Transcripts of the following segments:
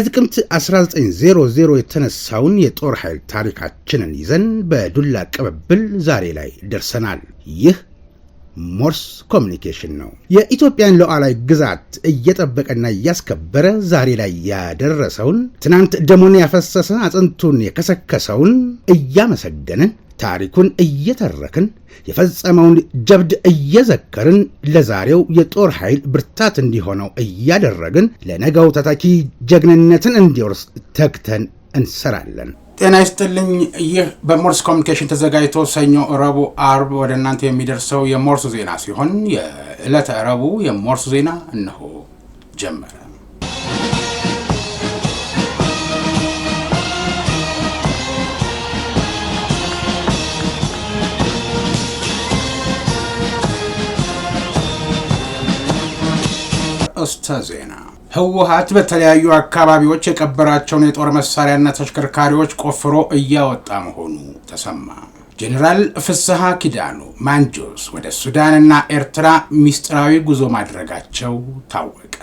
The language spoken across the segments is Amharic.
ከጥቅምት 1900 የተነሳውን የጦር ኃይል ታሪካችንን ይዘን በዱላ ቅብብል ዛሬ ላይ ደርሰናል። ይህ ሞርስ ኮሚኒኬሽን ነው። የኢትዮጵያን ሉዓላዊ ግዛት እየጠበቀና እያስከበረ ዛሬ ላይ ያደረሰውን ትናንት ደሞን ያፈሰሰ አጥንቱን የከሰከሰውን እያመሰገንን ታሪኩን እየተረክን የፈጸመውን ጀብድ እየዘከርን ለዛሬው የጦር ኃይል ብርታት እንዲሆነው እያደረግን ለነገው ተተኪ ጀግንነትን እንዲወርስ ተግተን እንሰራለን። ጤና ይስጥልኝ። ይህ በሞርስ ኮሚኒኬሽን ተዘጋጅቶ ሰኞ፣ ረቡዕ፣ አርብ ወደ እናንተ የሚደርሰው የሞርስ ዜና ሲሆን የዕለተ ረቡዕ የሞርስ ዜና እነሆ ጀመረ። አርዕስተ ዜና ህወሀት በተለያዩ አካባቢዎች የቀበራቸውን የጦር መሳሪያና ተሽከርካሪዎች ቆፍሮ እያወጣ መሆኑ ተሰማ። ጄኔራል ፍስሐ ኪዳኑ ማንጆስ ወደ ሱዳንና ኤርትራ ሚስጥራዊ ጉዞ ማድረጋቸው ታወቀ።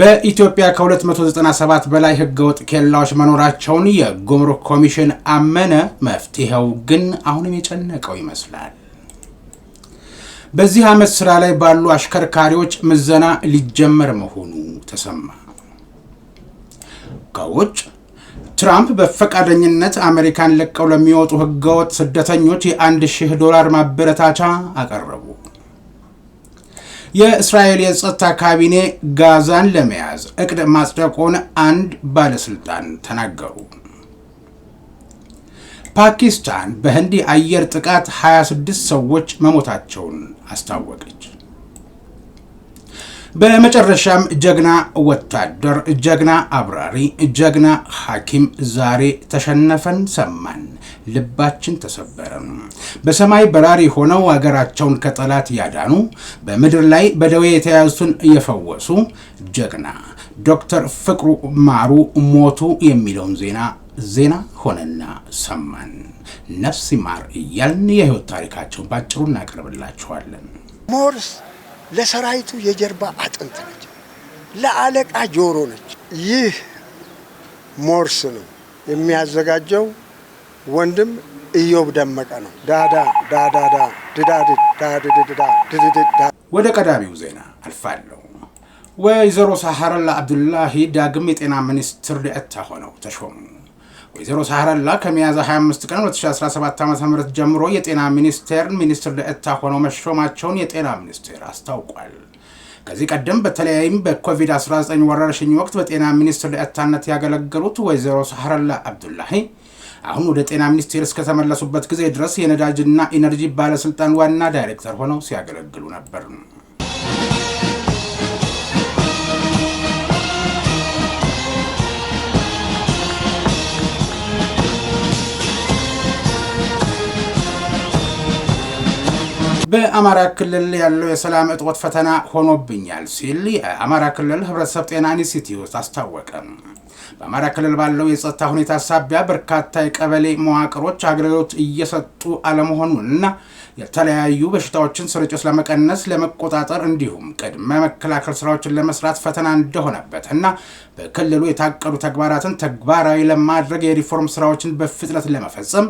በኢትዮጵያ ከ297 በላይ ህገወጥ ኬላዎች መኖራቸውን የጉምሩክ ኮሚሽን አመነ። መፍትሄው ግን አሁንም የጨነቀው ይመስላል። በዚህ ዓመት ስራ ላይ ባሉ አሽከርካሪዎች ምዘና ሊጀመር መሆኑ ተሰማ። ከውጭ ትራምፕ በፈቃደኝነት አሜሪካን ለቀው ለሚወጡ ህገወጥ ስደተኞች የአንድ ሺህ ዶላር ማበረታቻ አቀረቡ። የእስራኤል የጸጥታ ካቢኔ ጋዛን ለመያዝ እቅድ ማጽደቁን አንድ ባለሥልጣን ተናገሩ። ፓኪስታን በህንድ አየር ጥቃት 26 ሰዎች መሞታቸውን አስታወቀች። በመጨረሻም ጀግና ወታደር፣ ጀግና አብራሪ፣ ጀግና ሐኪም ዛሬ ተሸነፈን ሰማን፣ ልባችን ተሰበረን። በሰማይ በራሪ ሆነው አገራቸውን ከጠላት ያዳኑ፣ በምድር ላይ በደዌ የተያዙትን የፈወሱ ጀግና ዶክተር ፍቅሩ ማሩ ሞቱ የሚለውን ዜና ዜና ሆነና ሰማን። ነፍስ ይማር እያልን የህይወት ታሪካቸውን ባጭሩ እናቀርብላችኋለን። ሞርስ ለሰራዊቱ የጀርባ አጥንት ነች፣ ለአለቃ ጆሮ ነች። ይህ ሞርስ ነው። የሚያዘጋጀው ወንድም እዮብ ደመቀ ነው። ዳዳ ዳዳዳ ድዳድ ወደ ቀዳሚው ዜና አልፋለሁ። ወይዘሮ ሳሐረላ አብዱላሂ ዳግም የጤና ሚኒስትር ዴኤታ ሆነው ተሾሙ። ወይዘሮ ሳህረላ ከሚያዝያ 25 ቀን 2017 ዓ ም ጀምሮ የጤና ሚኒስቴር ሚኒስትር ደኤታ ሆነው መሾማቸውን የጤና ሚኒስቴር አስታውቋል። ከዚህ ቀደም በተለያይም በኮቪድ-19 ወረርሽኝ ወቅት በጤና ሚኒስትር ደኤታነት ያገለገሉት ወይዘሮ ሳህረላ አብዱላሂ አሁን ወደ ጤና ሚኒስቴር እስከተመለሱበት ጊዜ ድረስ የነዳጅና ኢነርጂ ባለስልጣን ዋና ዳይሬክተር ሆነው ሲያገለግሉ ነበር። በአማራ ክልል ያለው የሰላም እጦት ፈተና ሆኖብኛል ሲል የአማራ ክልል ህብረተሰብ ጤና ኢንስቲትዩት አስታወቀ። በአማራ ክልል ባለው የጸጥታ ሁኔታ ሳቢያ በርካታ የቀበሌ መዋቅሮች አገልግሎት እየሰጡ አለመሆኑንና የተለያዩ በሽታዎችን ስርጭት ለመቀነስ ለመቆጣጠር፣ እንዲሁም ቅድመ መከላከል ስራዎችን ለመስራት ፈተና እንደሆነበት እና በክልሉ የታቀዱ ተግባራትን ተግባራዊ ለማድረግ የሪፎርም ስራዎችን በፍጥነት ለመፈጸም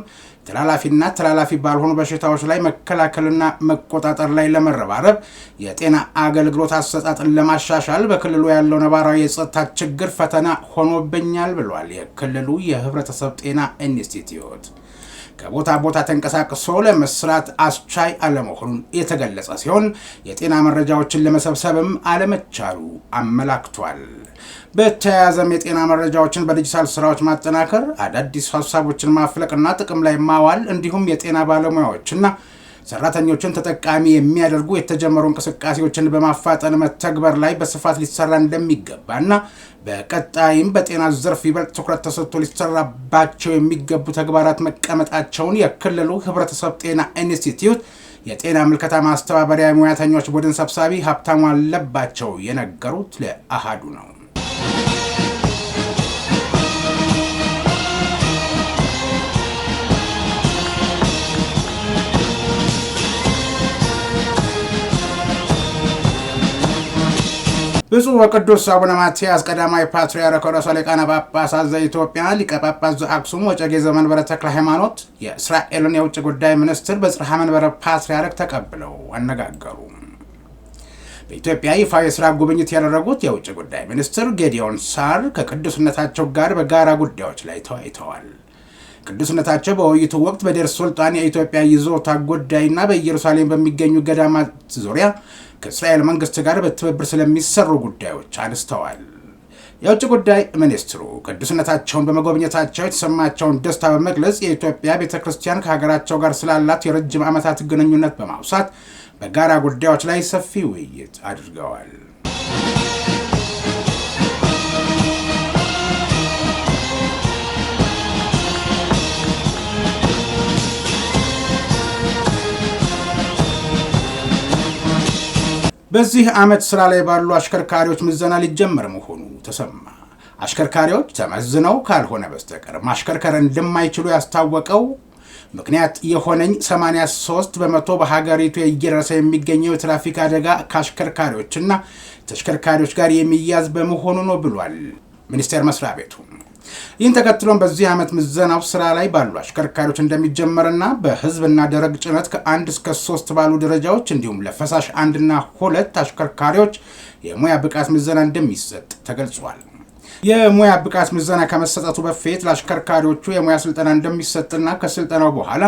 ተላላፊና ተላላፊ ባልሆኑ በሽታዎች ላይ መከላከልና መቆጣጠር ላይ ለመረባረብ የጤና አገልግሎት አሰጣጥን ለማሻሻል በክልሉ ያለው ነባራዊ የጸጥታ ችግር ፈተና ሆኖብኛል ብሏል የክልሉ የህብረተሰብ ጤና ኢንስቲትዩት። ከቦታ ቦታ ተንቀሳቅሶ ለመስራት አስቻይ አለመሆኑን የተገለጸ ሲሆን የጤና መረጃዎችን ለመሰብሰብም አለመቻሉ አመላክቷል። በተያያዘም የጤና መረጃዎችን በዲጂታል ስራዎች ማጠናከር፣ አዳዲስ ሀሳቦችን ማፍለቅና ጥቅም ላይ ማዋል እንዲሁም የጤና ባለሙያዎችና ሰራተኞችን ተጠቃሚ የሚያደርጉ የተጀመሩ እንቅስቃሴዎችን በማፋጠን መተግበር ላይ በስፋት ሊሰራ እንደሚገባና በቀጣይም በጤና ዘርፍ ይበልጥ ትኩረት ተሰጥቶ ሊሰራባቸው የሚገቡ ተግባራት መቀመጣቸውን የክልሉ ህብረተሰብ ጤና ኢንስቲትዩት የጤና ምልከታ ማስተባበሪያ ሙያተኞች ቡድን ሰብሳቢ ሀብታሙ አለባቸው የነገሩት ለአሃዱ ነው። ብፁዕ ወቅዱስ አቡነ ማትያስ ቀዳማዊ ፓትርያርክ ርዕሰ ሊቃነ ጳጳሳት ዘኢትዮጵያ ሊቀ ጳጳስ ዘአክሱም ወዕጨጌ ዘመንበረ ተክለ ሃይማኖት የእስራኤልን የውጭ ጉዳይ ሚኒስትር በጽርሐ መንበረ ፓትርያርክ ተቀብለው አነጋገሩ። በኢትዮጵያ ይፋ የስራ ጉብኝት ያደረጉት የውጭ ጉዳይ ሚኒስትር ጌዲዮን ሳር ከቅዱስነታቸው ጋር በጋራ ጉዳዮች ላይ ተወያይተዋል። ቅዱስነታቸው በውይይቱ ወቅት በዴር ሱልጣን የኢትዮጵያ ይዞታ ጉዳይና በኢየሩሳሌም በሚገኙ ገዳማት ዙሪያ ከእስራኤል መንግስት ጋር በትብብር ስለሚሰሩ ጉዳዮች አንስተዋል። የውጭ ጉዳይ ሚኒስትሩ ቅዱስነታቸውን በመጎብኘታቸው የተሰማቸውን ደስታ በመግለጽ የኢትዮጵያ ቤተ ክርስቲያን ከሀገራቸው ጋር ስላላት የረጅም ዓመታት ግንኙነት በማውሳት በጋራ ጉዳዮች ላይ ሰፊ ውይይት አድርገዋል። በዚህ ዓመት ሥራ ላይ ባሉ አሽከርካሪዎች ምዘና ሊጀመር መሆኑ ተሰማ። አሽከርካሪዎች ተመዝነው ካልሆነ በስተቀር ማሽከርከር እንደማይችሉ ያስታወቀው ምክንያት የሆነኝ 83 በመቶ በሀገሪቱ እየደረሰ የሚገኘው የትራፊክ አደጋ ከአሽከርካሪዎችና ተሽከርካሪዎች ጋር የሚያዝ በመሆኑ ነው ብሏል ሚኒስቴር መስሪያ ቤቱ። ይህን ተከትሎም በዚህ ዓመት ምዘናው ስራ ላይ ባሉ አሽከርካሪዎች እንደሚጀመርና በህዝብና ደረቅ ጭነት ከአንድ እስከ ሶስት ባሉ ደረጃዎች እንዲሁም ለፈሳሽ አንድና ሁለት አሽከርካሪዎች የሙያ ብቃት ምዘና እንደሚሰጥ ተገልጿል። የሙያ ብቃት ምዘና ከመሰጠቱ በፊት ለአሽከርካሪዎቹ የሙያ ስልጠና እንደሚሰጥና ከስልጠናው በኋላ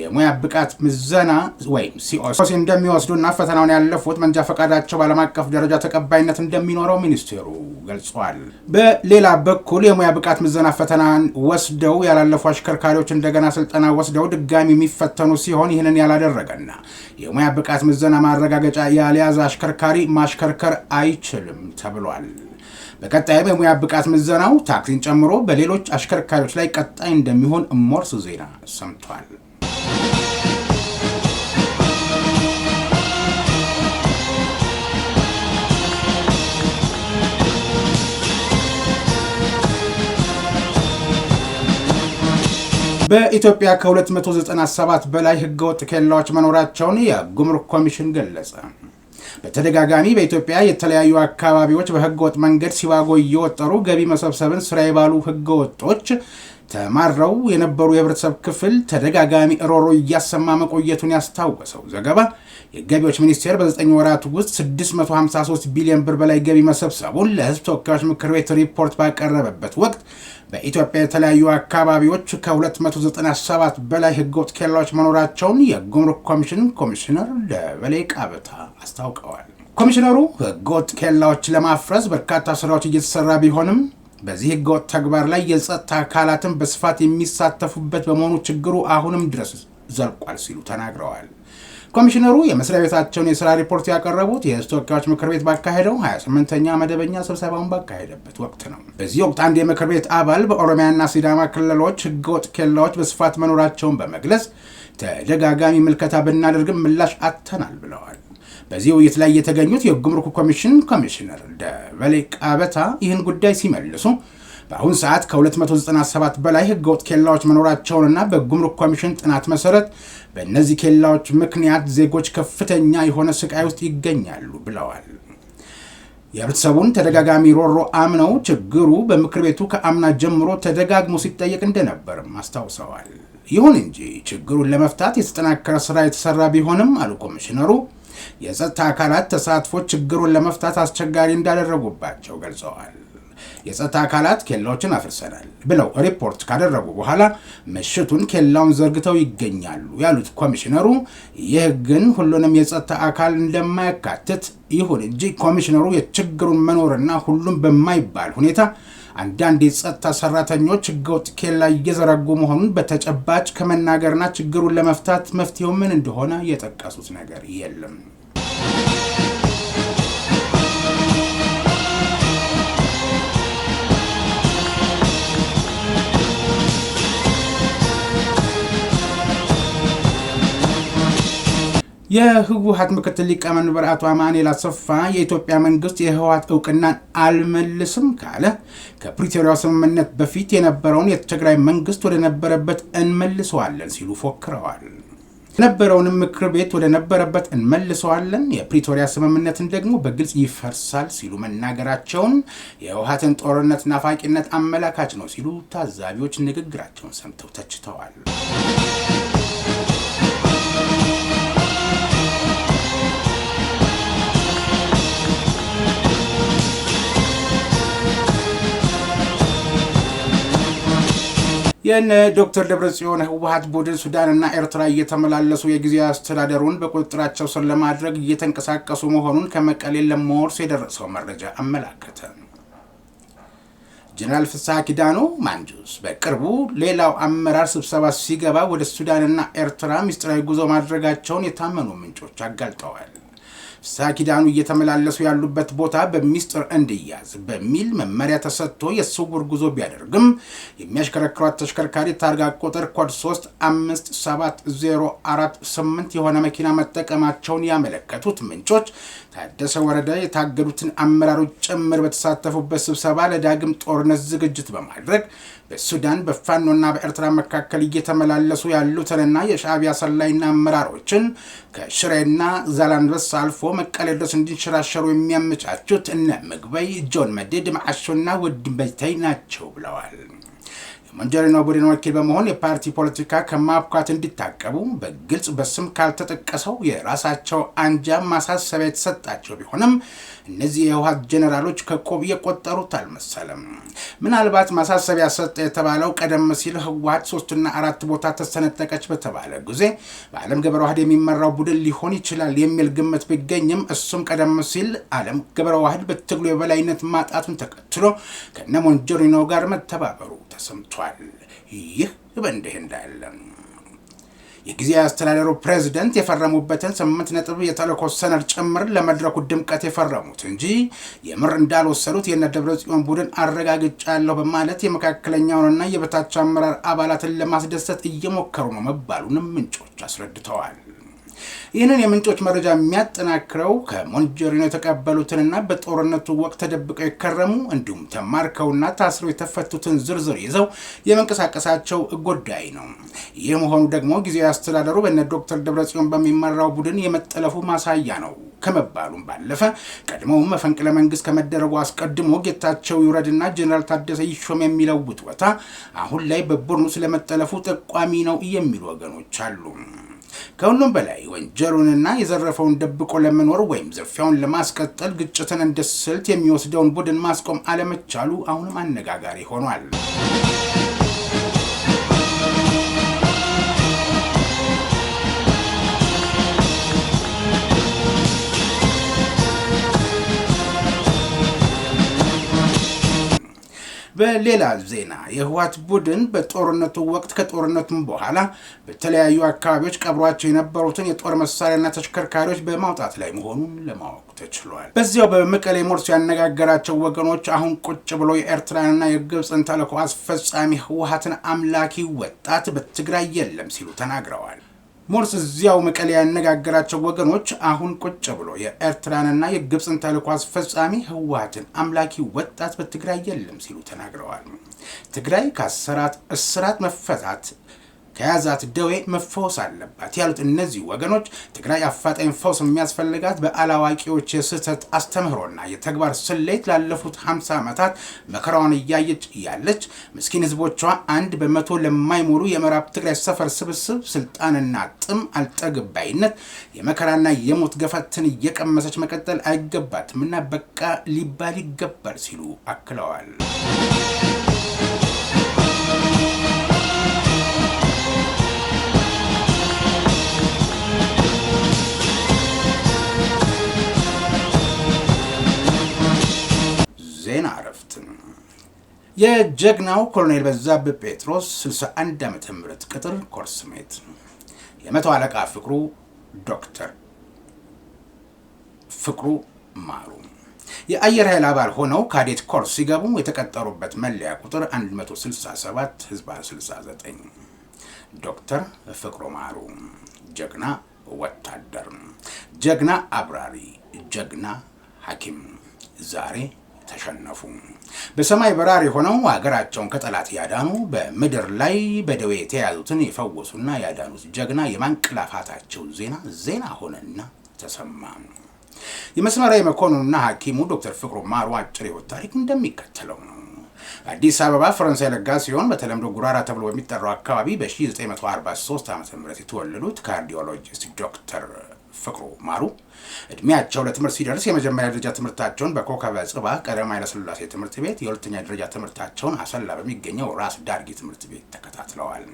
የሙያ ብቃት ምዘና ወይም ሲኦሲ እንደሚወስዱና ፈተናውን ያለፉት መንጃ ፈቃዳቸው በዓለም አቀፍ ደረጃ ተቀባይነት እንደሚኖረው ሚኒስቴሩ ገልጿል። በሌላ በኩል የሙያ ብቃት ምዘና ፈተናን ወስደው ያላለፉ አሽከርካሪዎች እንደገና ስልጠና ወስደው ድጋሚ የሚፈተኑ ሲሆን ይህንን ያላደረገና የሙያ ብቃት ምዘና ማረጋገጫ ያልያዘ አሽከርካሪ ማሽከርከር አይችልም ተብሏል። በቀጣይም የሙያ ብቃት ምዘናው ታክሲን ጨምሮ በሌሎች አሽከርካሪዎች ላይ ቀጣይ እንደሚሆን ሞርስ ዜና ሰምቷል። በኢትዮጵያ ከ297 በላይ ህገወጥ ኬላዎች መኖራቸውን የጉምሩክ ኮሚሽን ገለጸ። በተደጋጋሚ በኢትዮጵያ የተለያዩ አካባቢዎች በህገወጥ መንገድ ሲባጎ እየወጠሩ ገቢ መሰብሰብን ስራ የባሉ ህገወጦች ተማረው የነበሩ የህብረተሰብ ክፍል ተደጋጋሚ ሮሮ እያሰማ መቆየቱን ያስታወሰው ዘገባ የገቢዎች ሚኒስቴር በዘጠኝ ወራት ውስጥ 653 ቢሊዮን ብር በላይ ገቢ መሰብሰቡን ለህዝብ ተወካዮች ምክር ቤት ሪፖርት ባቀረበበት ወቅት በኢትዮጵያ የተለያዩ አካባቢዎች ከ297 በላይ ህገወጥ ኬላዎች መኖራቸውን የጉምሩክ ኮሚሽን ኮሚሽነር ደበሌ ቃበታ አስታውቀዋል። ኮሚሽነሩ ህገወጥ ኬላዎች ለማፍረስ በርካታ ስራዎች እየተሰራ ቢሆንም በዚህ ህገወጥ ተግባር ላይ የጸጥታ አካላትን በስፋት የሚሳተፉበት በመሆኑ ችግሩ አሁንም ድረስ ዘልቋል ሲሉ ተናግረዋል። ኮሚሽነሩ የመስሪያ ቤታቸውን የስራ ሪፖርት ያቀረቡት የህዝብ ተወካዮች ምክር ቤት ባካሄደው 28ኛ መደበኛ ስብሰባውን ባካሄደበት ወቅት ነው። በዚህ ወቅት አንድ የምክር ቤት አባል በኦሮሚያና ሲዳማ ክልሎች ህገወጥ ኬላዎች በስፋት መኖራቸውን በመግለጽ ተደጋጋሚ ምልከታ ብናደርግም ምላሽ አጥተናል ብለዋል። በዚህ ውይይት ላይ የተገኙት የጉምሩክ ኮሚሽን ኮሚሽነር ደበሌ ቃበታ ይህን ጉዳይ ሲመልሱ በአሁን ሰዓት ከ297 በላይ ህገወጥ ኬላዎች መኖራቸውንና በጉምሩክ ኮሚሽን ጥናት መሰረት በእነዚህ ኬላዎች ምክንያት ዜጎች ከፍተኛ የሆነ ስቃይ ውስጥ ይገኛሉ ብለዋል። የህብረተሰቡን ተደጋጋሚ ሮሮ አምነው ችግሩ በምክር ቤቱ ከአምና ጀምሮ ተደጋግሞ ሲጠየቅ እንደነበርም አስታውሰዋል። ይሁን እንጂ ችግሩን ለመፍታት የተጠናከረ ስራ የተሰራ ቢሆንም አሉ ኮሚሽነሩ የጸጥታ አካላት ተሳትፎ ችግሩን ለመፍታት አስቸጋሪ እንዳደረጉባቸው ገልጸዋል። የጸጥታ አካላት ኬላዎችን አፍርሰናል ብለው ሪፖርት ካደረጉ በኋላ ምሽቱን ኬላውን ዘርግተው ይገኛሉ ያሉት ኮሚሽነሩ፣ ይህ ግን ሁሉንም የጸጥታ አካል እንደማያካትት ይሁን እንጂ ኮሚሽነሩ የችግሩን መኖርና ሁሉም በማይባል ሁኔታ አንዳንድ የጸጥታ ሰራተኞች ህገወጥ ኬላ እየዘረጉ መሆኑን በተጨባጭ ከመናገርና ችግሩን ለመፍታት መፍትሄው ምን እንደሆነ የጠቀሱት ነገር የለም። የህወሀት ምክትል ሊቀመንበር አቶ አማኑኤል አሰፋ የኢትዮጵያ መንግስት የህወሀት እውቅናን አልመልስም ካለ ከፕሪቶሪያው ስምምነት በፊት የነበረውን የትግራይ መንግስት ወደነበረበት እንመልሰዋለን ሲሉ ፎክረዋል። የነበረውንም ምክር ቤት ወደነበረበት እንመልሰዋለን፣ የፕሪቶሪያ ስምምነትን ደግሞ በግልጽ ይፈርሳል ሲሉ መናገራቸውን የህወሀትን ጦርነት ናፋቂነት አመላካች ነው ሲሉ ታዛቢዎች ንግግራቸውን ሰምተው ተችተዋል። የነ ዶክተር ደብረጽዮን ህወሀት ቡድን ሱዳንና ኤርትራ እየተመላለሱ የጊዜ አስተዳደሩን በቁጥጥራቸው ስር ለማድረግ እየተንቀሳቀሱ መሆኑን ከመቀሌ ለመወርስ የደረሰው መረጃ አመላከተ። ጀነራል ፍስሐ ኪዳኑ ማንጁስ በቅርቡ ሌላው አመራር ስብሰባ ሲገባ ወደ ሱዳንና ኤርትራ ምስጢራዊ ጉዞ ማድረጋቸውን የታመኑ ምንጮች አጋልጠዋል። ፍስሐ ኪዳኑ እየተመላለሱ ያሉበት ቦታ በሚስጥር እንድያዝ በሚል መመሪያ ተሰጥቶ የስውር ጉዞ ቢያደርግም የሚያሽከረክሯት ተሽከርካሪ ታርጋ ቁጥር ኮድ 357048 የሆነ መኪና መጠቀማቸውን ያመለከቱት ምንጮች ታደሰ ወረዳ የታገዱትን አመራሮች ጭምር በተሳተፉበት ስብሰባ ለዳግም ጦርነት ዝግጅት በማድረግ በሱዳን በፋኖና በኤርትራ መካከል እየተመላለሱ ያሉትንና የሻዕቢያ ሰላይና አመራሮችን ከሽሬና ዛላንበሳ አልፎ መቀሌ ድረስ እንዲንሸራሸሩ የሚያመቻቹት እነ ምግበይ፣ ጆን መድድ፣ መዓሾና ውድ መጅተይ ናቸው ብለዋል። የሞንጆሪኖ ቡድን ወኪል በመሆን የፓርቲ ፖለቲካ ከማብኳት እንዲታቀቡ በግልጽ በስም ካልተጠቀሰው የራሳቸው አንጃ ማሳሰቢያ የተሰጣቸው ቢሆንም እነዚህ የህወሓት ጀኔራሎች ከቆብ እየቆጠሩት አልመሰለም። ምናልባት ማሳሰቢያ ሰጠ የተባለው ቀደም ሲል ህወሓት ሶስትና አራት ቦታ ተሰነጠቀች በተባለ ጊዜ በአለም ገበረ ዋህድ የሚመራው ቡድን ሊሆን ይችላል የሚል ግምት ቢገኝም እሱም ቀደም ሲል አለም ገበረ ዋህድ በትግሉ የበላይነት ማጣቱን ተከትሎ ከነ ሞንጆሪኖ ጋር መተባበሩ ተሰምቷል። ይህ በእንዲህ እንዳለም የጊዜያዊ አስተዳደሩ ፕሬዚደንት የፈረሙበትን ስምንት ነጥብ የተልእኮ ሰነድ ጭምር ለመድረኩ ድምቀት የፈረሙት እንጂ የምር እንዳልወሰዱት የነደብረ ጽዮን ቡድን አረጋግጫለሁ በማለት የመካከለኛውንና የበታች አመራር አባላትን ለማስደሰት እየሞከሩ ነው መባሉንም ምንጮች አስረድተዋል። ይህንን የምንጮች መረጃ የሚያጠናክረው ከሞንጆሪኖ የተቀበሉትንና በጦርነቱ ወቅት ተደብቀው የከረሙ እንዲሁም ተማርከውና ታስረው የተፈቱትን ዝርዝር ይዘው የመንቀሳቀሳቸው ጉዳይ ነው። ይህ መሆኑ ደግሞ ጊዜያዊ አስተዳደሩ በነ ዶክተር ደብረጽዮን በሚመራው ቡድን የመጠለፉ ማሳያ ነው ከመባሉም ባለፈ ቀድሞው መፈንቅለ መንግስት ከመደረጉ አስቀድሞ ጌታቸው ይውረድና ጀኔራል ታደሰ ይሾም የሚለውት ቦታ አሁን ላይ በቡርኑ ስለመጠለፉ ጠቋሚ ነው የሚሉ ወገኖች አሉ። ከሁሉም በላይ ወንጀሉንና የዘረፈውን ደብቆ ለመኖር ወይም ዝርፊያውን ለማስቀጠል ግጭትን እንደ ስልት የሚወስደውን ቡድን ማስቆም አለመቻሉ አሁንም አነጋጋሪ ሆኗል። በሌላ ዜና የህወሓት ቡድን በጦርነቱ ወቅት ከጦርነቱም በኋላ በተለያዩ አካባቢዎች ቀብሯቸው የነበሩትን የጦር መሳሪያና ተሽከርካሪዎች በማውጣት ላይ መሆኑን ለማወቅ ተችሏል። በዚያው በመቀሌ ሞርስ ያነጋገራቸው ወገኖች አሁን ቁጭ ብሎ የኤርትራንና የግብፅን ተልዕኮ አስፈጻሚ ህወሓትን አምላኪ ወጣት በትግራይ የለም ሲሉ ተናግረዋል። ሞርስ እዚያው መቀሌ ያነጋገራቸው ወገኖች አሁን ቁጭ ብሎ የኤርትራንና የግብፅን ተልዕኮ አስፈጻሚ ህወሓትን አምላኪ ወጣት በትግራይ የለም ሲሉ ተናግረዋል። ትግራይ ከአሰራት እስራት መፈታት ከያዛት ደዌ መፈወስ አለባት ያሉት እነዚህ ወገኖች ትግራይ አፋጣኝ ፈውስ የሚያስፈልጋት በአላዋቂዎች የስህተት አስተምህሮና የተግባር ስሌት ላለፉት 50 ዓመታት መከራዋን እያየች እያለች ምስኪን ህዝቦቿ አንድ በመቶ ለማይሞሉ የምዕራብ ትግራይ ሰፈር ስብስብ ስልጣንና ጥም አልጠግባይነት የመከራና የሞት ገፈትን እየቀመሰች መቀጠል አይገባትምና በቃ ሊባል ይገባል ሲሉ አክለዋል። ዜና እረፍት የጀግናው ኮሎኔል በዛብህ ጴጥሮስ 61 ዓመተ ምህረት ቅጥር ኮርስ ሜት የመቶ አለቃ ፍቅሩ ዶክተር ፍቅሩ ማሩ የአየር ኃይል አባል ሆነው ካዴት ኮርስ ሲገቡ የተቀጠሩበት መለያ ቁጥር 167 ህዝባ 69 ዶክተር ፍቅሩ ማሩ ጀግና ወታደር፣ ጀግና አብራሪ፣ ጀግና ሐኪም ዛሬ ተሸነፉ። በሰማይ በራር የሆነው ሀገራቸውን ከጠላት ያዳኑ በምድር ላይ በደዌ የተያዙትን የፈወሱና ያዳኑት ጀግና የማንቀላፋታቸው ዜና ዜና ሆነና ተሰማ። የመስመራዊ መኮንኑና ሐኪሙ ዶክተር ፍቅሩ ማሩ አጭር ሕይወት ታሪክ እንደሚከተለው ነው። አዲስ አበባ ፈረንሳይ ለጋ ሲሆን በተለምዶ ጉራራ ተብሎ በሚጠራው አካባቢ በ1943 ዓ ም የተወለዱት ካርዲዮሎጂስት ዶክተር ፍቅሩ ማሩ እድሜያቸው ለትምህርት ሲደርስ የመጀመሪያ ደረጃ ትምህርታቸውን በኮከበ ጽባ ቀዳማዊ ኃይለሥላሴ ትምህርት ቤት፣ የሁለተኛ ደረጃ ትምህርታቸውን አሰላ በሚገኘው ራስ ዳርጌ ትምህርት ቤት ተከታትለዋል።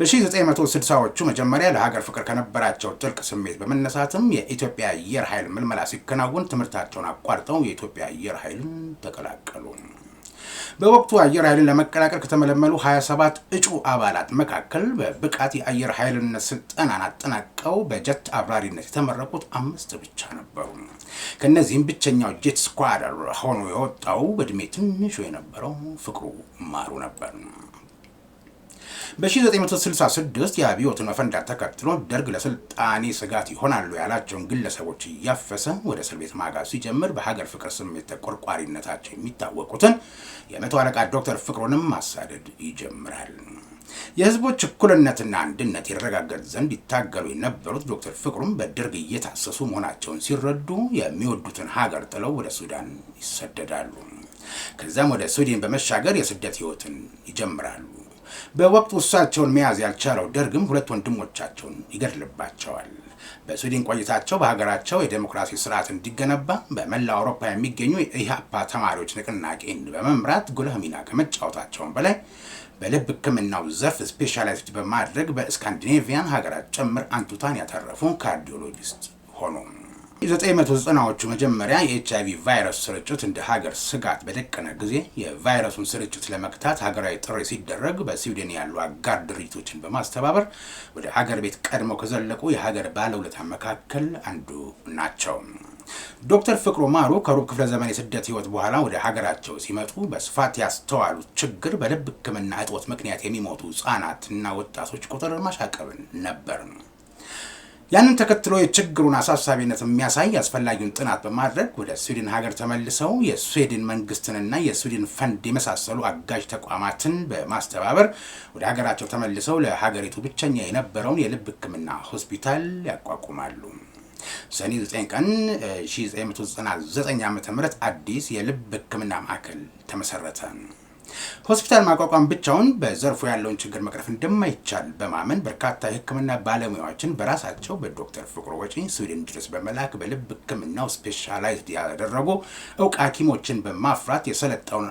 በ1960ዎቹ መጀመሪያ ለሀገር ፍቅር ከነበራቸው ጥልቅ ስሜት በመነሳትም የኢትዮጵያ አየር ኃይል ምልመላ ሲከናወን ትምህርታቸውን አቋርጠው የኢትዮጵያ አየር ኃይልን ተቀላቀሉ። በወቅቱ አየር ኃይልን ለመቀላቀል ከተመለመሉ 27 እጩ አባላት መካከል በብቃት የአየር ኃይልነት ስልጠናን አጠናቀው በጀት አብራሪነት የተመረቁት አምስት ብቻ ነበሩ። ከእነዚህም ብቸኛው ጄት ስኳደር ሆኖ የወጣው በእድሜ ትንሹ የነበረው ፍቅሩ ማሩ ነበር። በ1966 የአብዮትን መፈንዳት ተከትሎ ደርግ ለስልጣኔ ስጋት ይሆናሉ ያላቸውን ግለሰቦች እያፈሰ ወደ እስር ቤት ማጋዝ ሲጀምር በሀገር ፍቅር ስሜት ተቆርቋሪነታቸው የሚታወቁትን የመቶ አለቃ ዶክተር ፍቅሩንም ማሳደድ ይጀምራል። የህዝቦች እኩልነትና አንድነት ይረጋገጥ ዘንድ ይታገሉ የነበሩት ዶክተር ፍቅሩም በደርግ እየታሰሱ መሆናቸውን ሲረዱ የሚወዱትን ሀገር ጥለው ወደ ሱዳን ይሰደዳሉ። ከዚያም ወደ ሱዲን በመሻገር የስደት ህይወትን ይጀምራሉ። በወቅቱ እሳቸውን መያዝ ያልቻለው ደርግም ሁለት ወንድሞቻቸውን ይገድልባቸዋል። በስዊድን ቆይታቸው በሀገራቸው የዴሞክራሲ ስርዓት እንዲገነባ በመላ አውሮፓ የሚገኙ የኢህአፓ ተማሪዎች ንቅናቄን በመምራት ጉልህ ሚና ከመጫወታቸውን በላይ በልብ ሕክምናው ዘርፍ ስፔሻላይዝድ በማድረግ በስካንዲኔቪያን ሀገራት ጭምር አንቱታን ያተረፉ ካርዲዮሎጂስት ሆኖም የ1990ዎቹ መጀመሪያ የኤችአይቪ ቫይረስ ስርጭት እንደ ሀገር ስጋት በደቀነ ጊዜ የቫይረሱን ስርጭት ለመግታት ሀገራዊ ጥሪ ሲደረግ በስዊድን ያሉ አጋር ድርጅቶችን በማስተባበር ወደ ሀገር ቤት ቀድመው ከዘለቁ የሀገር ባለውለታ መካከል አንዱ ናቸው። ዶክተር ፍቅሩ ማሩ ከሩብ ክፍለ ዘመን የስደት ህይወት በኋላ ወደ ሀገራቸው ሲመጡ በስፋት ያስተዋሉት ችግር በልብ ህክምና እጦት ምክንያት የሚሞቱ ህጻናትና ወጣቶች ቁጥር ማሻቀብን ነበር። ያንን ተከትሎ የችግሩን አሳሳቢነት የሚያሳይ አስፈላጊውን ጥናት በማድረግ ወደ ስዊድን ሀገር ተመልሰው የስዊድን መንግስትንና የስዊድን ፈንድ የመሳሰሉ አጋዥ ተቋማትን በማስተባበር ወደ ሀገራቸው ተመልሰው ለሀገሪቱ ብቸኛ የነበረውን የልብ ሕክምና ሆስፒታል ያቋቁማሉ። ሰኔ 9 ቀን 1999 ዓ ም አዲስ የልብ ሕክምና ማዕከል ተመሰረተ። ሆስፒታል ማቋቋም ብቻውን በዘርፉ ያለውን ችግር መቅረፍ እንደማይቻል በማመን በርካታ የሕክምና ባለሙያዎችን በራሳቸው በዶክተር ፍቅሩ ወጪ ስዊድን ድረስ በመላክ በልብ ሕክምናው ስፔሻላይዝድ ያደረጉ እውቅ ሐኪሞችን በማፍራት የሰለጠውን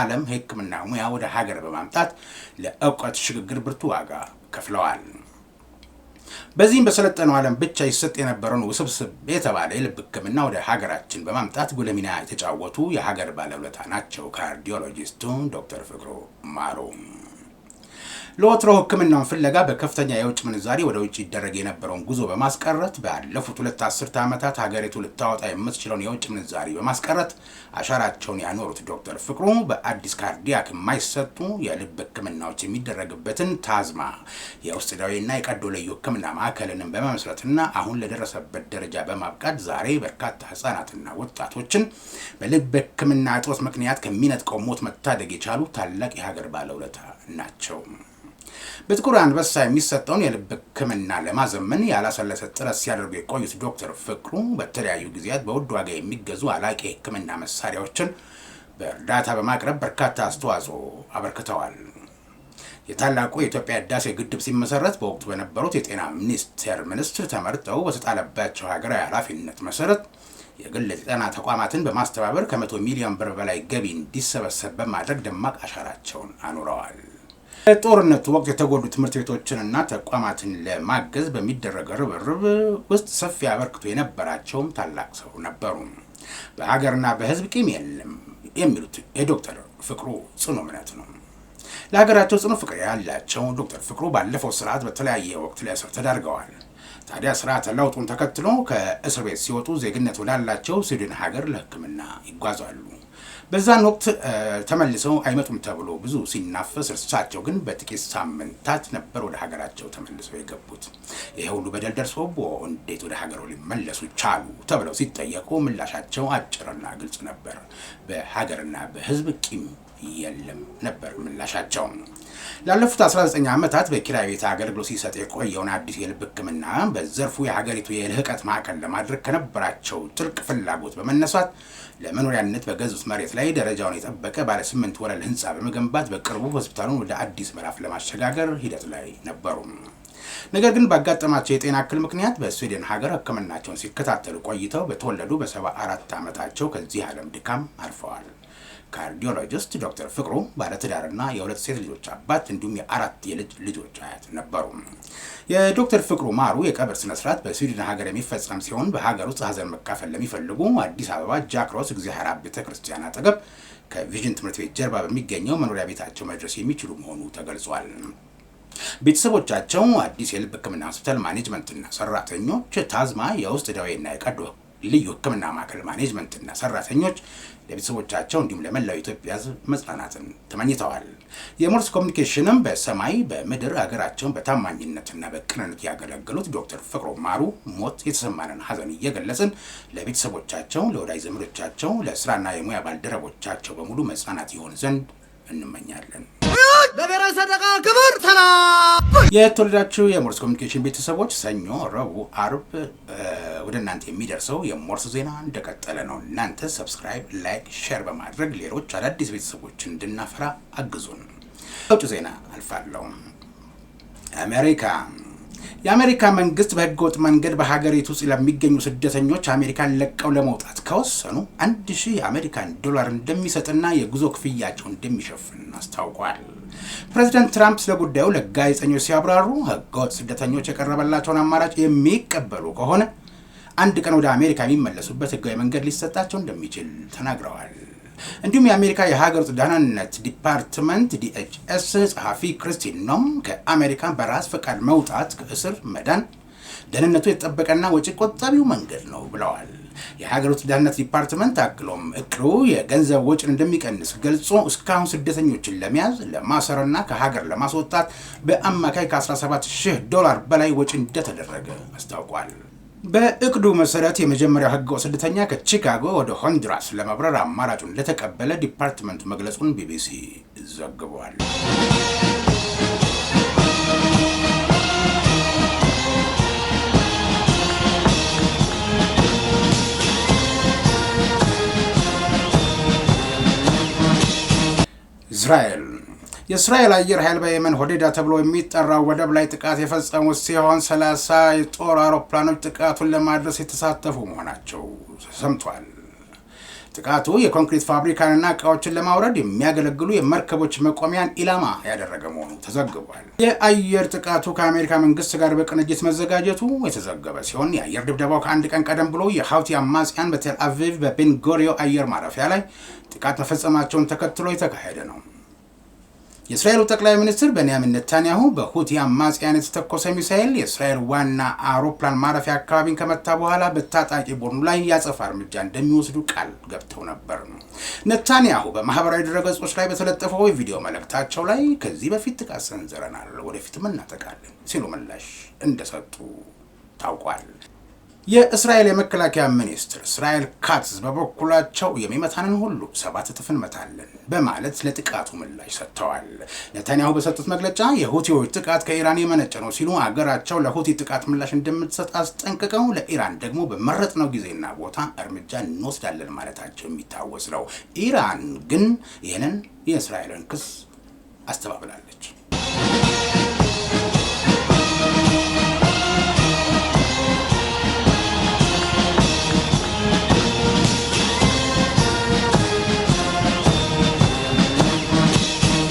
ዓለም የሕክምና ሙያ ወደ ሀገር በማምጣት ለእውቀት ሽግግር ብርቱ ዋጋ ከፍለዋል። በዚህም በሰለጠነው ዓለም ብቻ ይሰጥ የነበረውን ውስብስብ የተባለ የልብ ሕክምና ወደ ሀገራችን በማምጣት ጉልህ ሚና የተጫወቱ የሀገር ባለውለታ ናቸው ካርዲዮሎጂስቱ ዶክተር ፍቅሩ ማሮም። ለወትሮ ሕክምናውን ፍለጋ በከፍተኛ የውጭ ምንዛሪ ወደ ውጭ ይደረግ የነበረውን ጉዞ በማስቀረት ባለፉት ሁለት አስርተ ዓመታት ሀገሪቱ ልታወጣ የምትችለውን የውጭ ምንዛሪ በማስቀረት አሻራቸውን ያኖሩት ዶክተር ፍቅሩ በአዲስ ካርዲያክ የማይሰጡ የልብ ሕክምናዎች የሚደረግበትን ታዝማ የውስጥ ደዌና የቀዶ ለዩ ሕክምና ማዕከልንም በመመስረትና አሁን ለደረሰበት ደረጃ በማብቃት ዛሬ በርካታ ህጻናትና ወጣቶችን በልብ ሕክምና እጦት ምክንያት ከሚነጥቀው ሞት መታደግ የቻሉ ታላቅ የሀገር ባለውለታ ናቸው። በጥቁር አንበሳ የሚሰጠውን የልብ ሕክምና ለማዘመን ያላሰለሰ ጥረት ሲያደርጉ የቆዩት ዶክተር ፍቅሩ በተለያዩ ጊዜያት በውድ ዋጋ የሚገዙ አላቂ የሕክምና መሳሪያዎችን በእርዳታ በማቅረብ በርካታ አስተዋጽኦ አበርክተዋል። የታላቁ የኢትዮጵያ ህዳሴ ግድብ ሲመሰረት በወቅቱ በነበሩት የጤና ሚኒስቴር ሚኒስትር ተመርጠው በተጣለባቸው ሀገራዊ ኃላፊነት መሰረት የግል የጤና ተቋማትን በማስተባበር ከመቶ ሚሊዮን ብር በላይ ገቢ እንዲሰበሰብ በማድረግ ደማቅ አሻራቸውን አኑረዋል። በጦርነቱ ወቅት የተጎዱ ትምህርት ቤቶችንና ተቋማትን ለማገዝ በሚደረገ ርብርብ ውስጥ ሰፊ አበርክቶ የነበራቸውም ታላቅ ሰው ነበሩ። በሀገርና በሕዝብ ቂም የለም የሚሉት የዶክተር ፍቅሩ ጽኑ እምነት ነው። ለሀገራቸው ጽኑ ፍቅር ያላቸው ዶክተር ፍቅሩ ባለፈው ስርዓት በተለያየ ወቅት ለእስር ተዳርገዋል። ታዲያ ስርዓተ ለውጡን ተከትሎ ከእስር ቤት ሲወጡ ዜግነት ወዳላቸው ስዊድን ሀገር ለሕክምና ይጓዛሉ። በዛን ወቅት ተመልሰው አይመጡም ተብሎ ብዙ ሲናፈስ፣ እርሳቸው ግን በጥቂት ሳምንታት ነበር ወደ ሀገራቸው ተመልሰው የገቡት። ይሄ ሁሉ በደል ደርሶቦ እንዴት ወደ ሀገሩ ሊመለሱ ቻሉ ተብለው ሲጠየቁ ምላሻቸው አጭርና ግልጽ ነበር። በሀገርና በሕዝብ ቂም የለም ነበር ምላሻቸው። ላለፉት 19 ዓመታት በኪራይ ቤት አገልግሎት ሲሰጥ የቆየውን አዲስ የልብ ሕክምና በዘርፉ የሀገሪቱ የልህቀት ማዕከል ለማድረግ ከነበራቸው ጥልቅ ፍላጎት በመነሳት ለመኖሪያነት በገዙት መሬት ላይ ደረጃውን የጠበቀ ባለ ስምንት ወለል ህንፃ በመገንባት በቅርቡ ሆስፒታሉን ወደ አዲስ ምዕራፍ ለማሸጋገር ሂደት ላይ ነበሩ። ነገር ግን ባጋጠማቸው የጤና እክል ምክንያት በስዊድን ሀገር ህክምናቸውን ሲከታተሉ ቆይተው በተወለዱ በሰባ አራት ዓመታቸው ከዚህ ዓለም ድካም አርፈዋል። ካርዲዮሎጂስት ዶክተር ፍቅሩ ባለትዳርና የሁለት ሴት ልጆች አባት እንዲሁም የአራት የልጅ ልጆች አያት ነበሩ። የዶክተር ፍቅሩ ማሩ የቀብር ስነስርዓት በስዊድን ሀገር የሚፈጸም ሲሆን በሀገር ውስጥ ሀዘን መካፈል ለሚፈልጉ አዲስ አበባ ጃክሮስ እግዚአብሔር አብ ቤተ ክርስቲያን አጠገብ ከቪዥን ትምህርት ቤት ጀርባ በሚገኘው መኖሪያ ቤታቸው መድረስ የሚችሉ መሆኑ ተገልጿል። ቤተሰቦቻቸው አዲስ የልብ ሕክምና ሆስፒታል ማኔጅመንትና ሰራተኞች ታዝማ የውስጥ ደዌና የቀዶ ልዩ ሕክምና ማዕከል ማኔጅመንትና ሰራተኞች ለቤተሰቦቻቸው እንዲሁም ለመላው ኢትዮጵያ ሕዝብ መጽናናትን ተመኝተዋል። የሞርስ ኮሚኒኬሽንም በሰማይ በምድር ሀገራቸውን በታማኝነትና በቅንነት ያገለገሉት ዶክተር ፍቅሮ ማሩ ሞት የተሰማንን ሀዘን እየገለጽን ለቤተሰቦቻቸው፣ ለወዳጅ ዘመዶቻቸው፣ ለስራና የሙያ ባልደረቦቻቸው በሙሉ መጽናናት ይሆን ዘንድ እንመኛለን። ለብሔራዊ ክብር ሰላም። የሞርስ ኮሚኒኬሽን ቤተሰቦች ሰኞ፣ ረቡዕ፣ አርብ ወደ እናንተ የሚደርሰው የሞርስ ዜና እንደቀጠለ ነው። እናንተ ሰብስክራይብ፣ ላይክ፣ ሼር በማድረግ ሌሎች አዳዲስ ቤተሰቦች እንድናፈራ አግዙን። ውጭ ዜና አልፋለሁ። አሜሪካ የአሜሪካ መንግስት በህገወጥ መንገድ በሀገሪቱ ውስጥ ለሚገኙ ስደተኞች አሜሪካን ለቀው ለመውጣት ከወሰኑ አንድ ሺህ የአሜሪካን ዶላር እንደሚሰጥና የጉዞ ክፍያቸው እንደሚሸፍን አስታውቋል። ፕሬዚደንት ትራምፕ ስለ ጉዳዩ ለጋዜጠኞች ሲያብራሩ ህገወጥ ስደተኞች የቀረበላቸውን አማራጭ የሚቀበሉ ከሆነ አንድ ቀን ወደ አሜሪካ የሚመለሱበት ህጋዊ መንገድ ሊሰጣቸው እንደሚችል ተናግረዋል። እንዲሁም የአሜሪካ የሀገር ውስጥ ደህንነት ዲፓርትመንት ዲኤችኤስ ጸሐፊ ክርስቲን ኖም ከአሜሪካ በራስ ፈቃድ መውጣት ከእስር መዳን ደህንነቱ የተጠበቀና ወጪ ቆጣቢው መንገድ ነው ብለዋል። የሀገር ውስጥ ደህንነት ዲፓርትመንት አክሎም እቅዱ የገንዘብ ወጪን እንደሚቀንስ ገልጾ እስካሁን ስደተኞችን ለመያዝ ለማሰርና ከሀገር ለማስወጣት በአማካይ ከ17 ሺህ ዶላር በላይ ወጪ እንደተደረገ አስታውቋል። በእቅዱ መሰረት የመጀመሪያው ህገ ስደተኛ ከቺካጎ ወደ ሆንዱራስ ለመብረር አማራጩን እንደተቀበለ ዲፓርትመንቱ መግለጹን ቢቢሲ ዘግቧል። እስራኤል የእስራኤል አየር ኃይል በየመን ሆዴዳ ተብሎ የሚጠራው ወደብ ላይ ጥቃት የፈጸሙ ሲሆን ሰላሳ የጦር አውሮፕላኖች ጥቃቱን ለማድረስ የተሳተፉ መሆናቸው ሰምቷል። ጥቃቱ የኮንክሪት ፋብሪካንና እቃዎችን ለማውረድ የሚያገለግሉ የመርከቦች መቆሚያን ኢላማ ያደረገ መሆኑ ተዘግቧል። የአየር ጥቃቱ ከአሜሪካ መንግስት ጋር በቅንጅት መዘጋጀቱ የተዘገበ ሲሆን የአየር ድብደባው ከአንድ ቀን ቀደም ብሎ የሀውቲ አማጽያን በቴል አቪቭ በቤንጎሪዮ አየር ማረፊያ ላይ ጥቃት መፈጸማቸውን ተከትሎ የተካሄደ ነው። የእስራኤሉ ጠቅላይ ሚኒስትር በንያሚን ነታንያሁ በሁቲ አማጽያን የተተኮሰ ሚሳኤል የእስራኤል ዋና አውሮፕላን ማረፊያ አካባቢን ከመታ በኋላ በታጣቂ ቡድኑ ላይ ያጸፋ እርምጃ እንደሚወስዱ ቃል ገብተው ነበር። ነታንያሁ በማህበራዊ ድረገጾች ላይ በተለጠፈው የቪዲዮ መልእክታቸው ላይ ከዚህ በፊት ጥቃት ሰንዝረናል፣ ወደፊትም እናጠቃለን ሲሉ ምላሽ እንደሰጡ ታውቋል። የእስራኤል የመከላከያ ሚኒስትር እስራኤል ካትስ በበኩላቸው የሚመታንን ሁሉ ሰባት እጥፍ እንመታለን በማለት ለጥቃቱ ምላሽ ሰጥተዋል። ነታንያሁ በሰጡት መግለጫ የሁቲዎች ጥቃት ከኢራን የመነጨ ነው ሲሉ አገራቸው ለሁቲ ጥቃት ምላሽ እንደምትሰጥ አስጠንቅቀው ለኢራን ደግሞ በመረጥነው ጊዜና ቦታ እርምጃ እንወስዳለን ማለታቸው የሚታወስ ነው። ኢራን ግን ይህንን የእስራኤልን ክስ አስተባብላለች።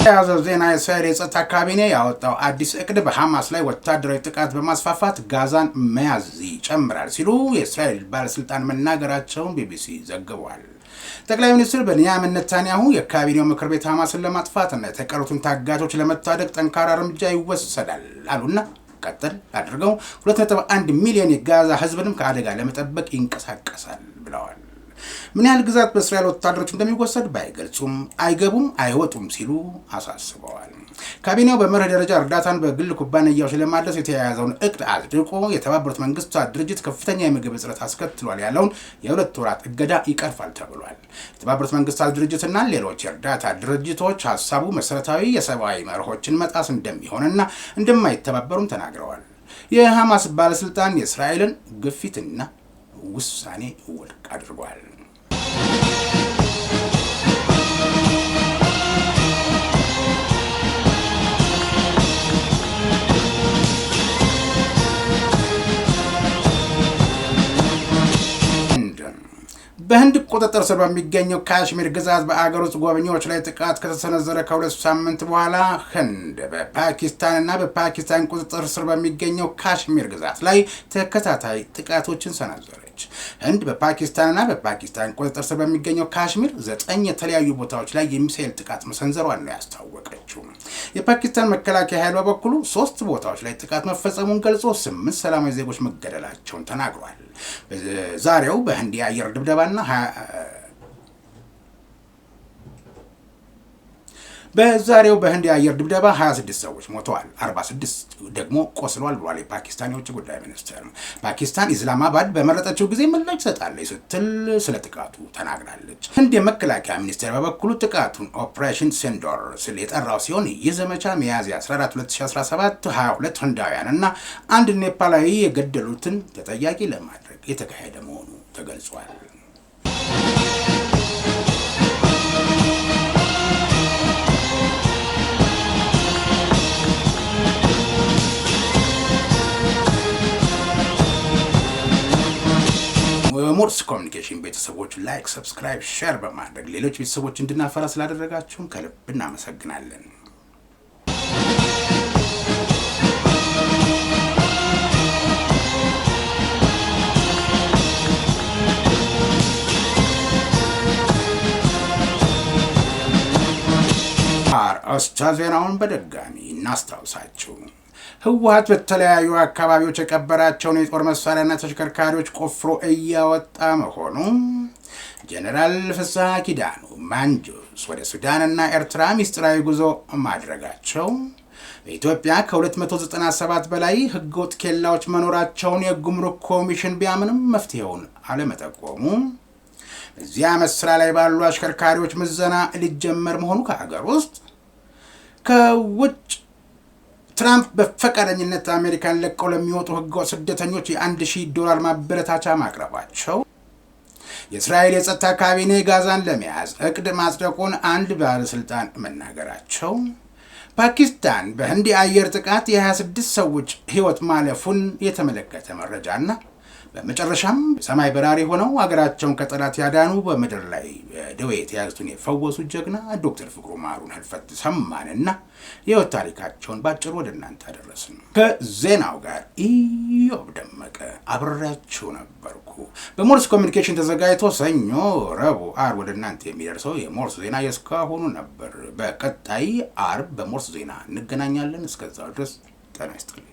በተያያዘው ዜና የእስራኤል የጸጥታ ካቢኔ ያወጣው አዲስ እቅድ በሐማስ ላይ ወታደራዊ ጥቃት በማስፋፋት ጋዛን መያዝ ይጨምራል ሲሉ የእስራኤል ባለስልጣን መናገራቸውን ቢቢሲ ዘግቧል። ጠቅላይ ሚኒስትር ቤንያሚን ነታንያሁ የካቢኔው ምክር ቤት ሐማስን ለማጥፋትና የተቀሩትን ታጋቾች ለመታደግ ጠንካራ እርምጃ ይወሰዳል አሉና ቀጥል አድርገው 2.1 ሚሊዮን የጋዛ ህዝብንም ከአደጋ ለመጠበቅ ይንቀሳቀሳል ብለዋል። ምን ያህል ግዛት በእስራኤል ወታደሮች እንደሚወሰድ ባይገልጹም አይገቡም፣ አይወጡም ሲሉ አሳስበዋል። ካቢኔው በመርህ ደረጃ እርዳታን በግል ኩባንያዎች ለማድረስ የተያያዘውን እቅድ አጽድቆ የተባበሩት መንግስታት ድርጅት ከፍተኛ የምግብ እጥረት አስከትሏል ያለውን የሁለት ወራት እገዳ ይቀርፋል ተብሏል። የተባበሩት መንግስታት ድርጅትና ሌሎች የእርዳታ ድርጅቶች ሀሳቡ መሰረታዊ የሰብአዊ መርሆችን መጣስ እንደሚሆንና እንደማይተባበሩም ተናግረዋል። የሐማስ ባለስልጣን የእስራኤልን ግፊትና ውሳኔ ውድቅ አድርጓል። በህንድ ቁጥጥር ስር በሚገኘው ካሽሚር ግዛት በአገር ውስጥ ጎብኚዎች ላይ ጥቃት ከተሰነዘረ ከሁለት ሳምንት በኋላ ህንድ በፓኪስታንና በፓኪስታን ቁጥጥር ስር በሚገኘው ካሽሚር ግዛት ላይ ተከታታይ ጥቃቶችን ሰነዘረ። አስታውቃለች። ህንድ በፓኪስታንና በፓኪስታን ቁጥጥር ስር በሚገኘው ካሽሚር ዘጠኝ የተለያዩ ቦታዎች ላይ የሚሳኤል ጥቃት መሰንዘሯን ነው ያስታወቀችው። የፓኪስታን መከላከያ ኃይል በበኩሉ ሶስት ቦታዎች ላይ ጥቃት መፈጸሙን ገልጾ ስምንት ሰላማዊ ዜጎች መገደላቸውን ተናግሯል። ዛሬው በህንድ የአየር ድብደባና በዛሬው በህንድ የአየር ድብደባ 26 ሰዎች ሞተዋል፣ 46 ደግሞ ቆስለዋል ብሏል የፓኪስታን የውጭ ጉዳይ ሚኒስትር። ፓኪስታን ኢስላማባድ በመረጠችው ጊዜ ምላሽ ሰጣለች ስትል ስለ ጥቃቱ ተናግራለች። ህንድ የመከላከያ ሚኒስቴር በበኩሉ ጥቃቱን ኦፕሬሽን ሴንዶር ስል የጠራው ሲሆን ይህ ዘመቻ ሚያዝያ 14 2017 22 ህንዳውያን እና አንድ ኔፓላዊ የገደሉትን ተጠያቂ ለማድረግ የተካሄደ መሆኑ ተገልጿል። ሞርስ ኮሚኒኬሽን ቤተሰቦች ላይክ፣ ሰብስክራይብ፣ ሼር በማድረግ ሌሎች ቤተሰቦች እንድናፈራ ስላደረጋችሁም ከልብ እናመሰግናለን። አርእስተ ዜናውን በድጋሚ እናስታውሳችሁ። ህወሀት በተለያዩ አካባቢዎች የቀበራቸውን የጦር መሳሪያና ተሽከርካሪዎች ቆፍሮ እያወጣ መሆኑ ጀኔራል ፍስሐ ኪዳኑ ማንጁስ ወደ ሱዳንና ኤርትራ ሚስጥራዊ ጉዞ ማድረጋቸው በኢትዮጵያ ከ297 በላይ ህገወጥ ኬላዎች መኖራቸውን የጉምሩክ ኮሚሽን ቢያምንም መፍትሄውን አለመጠቆሙ እዚያ መስራ ላይ ባሉ አሽከርካሪዎች ምዘና ሊጀመር መሆኑ ከሀገር ውስጥ ከውጭ ትራምፕ በፈቃደኝነት አሜሪካን ለቀው ለሚወጡ ህገወጥ ስደተኞች የአንድ ሺህ ዶላር ማበረታቻ ማቅረባቸው የእስራኤል የጸጥታ ካቢኔ ጋዛን ለመያዝ እቅድ ማጽደቁን አንድ ባለስልጣን መናገራቸው፣ ፓኪስታን በህንድ የአየር ጥቃት የ26 ሰዎች ህይወት ማለፉን የተመለከተ መረጃና በመጨረሻም ሰማይ በራሪ ሆነው ሀገራቸውን ከጠላት ያዳኑ በምድር ላይ በደዌ የተያዙትን የፈወሱ ጀግና ዶክተር ፍቅሩ ማሩን ህልፈት ሰማንና የህይወት ታሪካቸውን ባጭሩ ወደ እናንተ አደረስን። ከዜናው ጋር ኢዮብ ደመቀ አብሬያችሁ ነበርኩ። በሞርስ ኮሚኒኬሽን ተዘጋጅቶ ሰኞ፣ ረቡዕ፣ ዓርብ ወደ እናንተ የሚደርሰው የሞርስ ዜና የእስካሁኑ ነበር። በቀጣይ አርብ በሞርስ ዜና እንገናኛለን። እስከዛው ድረስ ጤና ይስጥልኝ።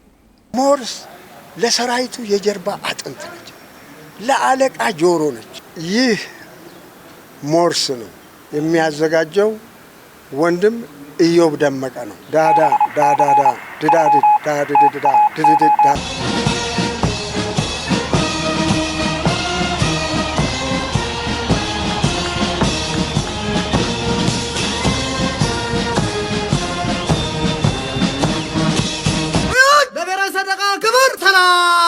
ሞርስ ለሰራዊቱ የጀርባ አጥንት ነች፣ ለአለቃ ጆሮ ነች። ይህ ሞርስ ነው የሚያዘጋጀው። ወንድም ኢዮብ ደመቀ ነው። ዳዳ ዳዳዳ ድዳድ ዳድድዳ ድድድዳ Bye!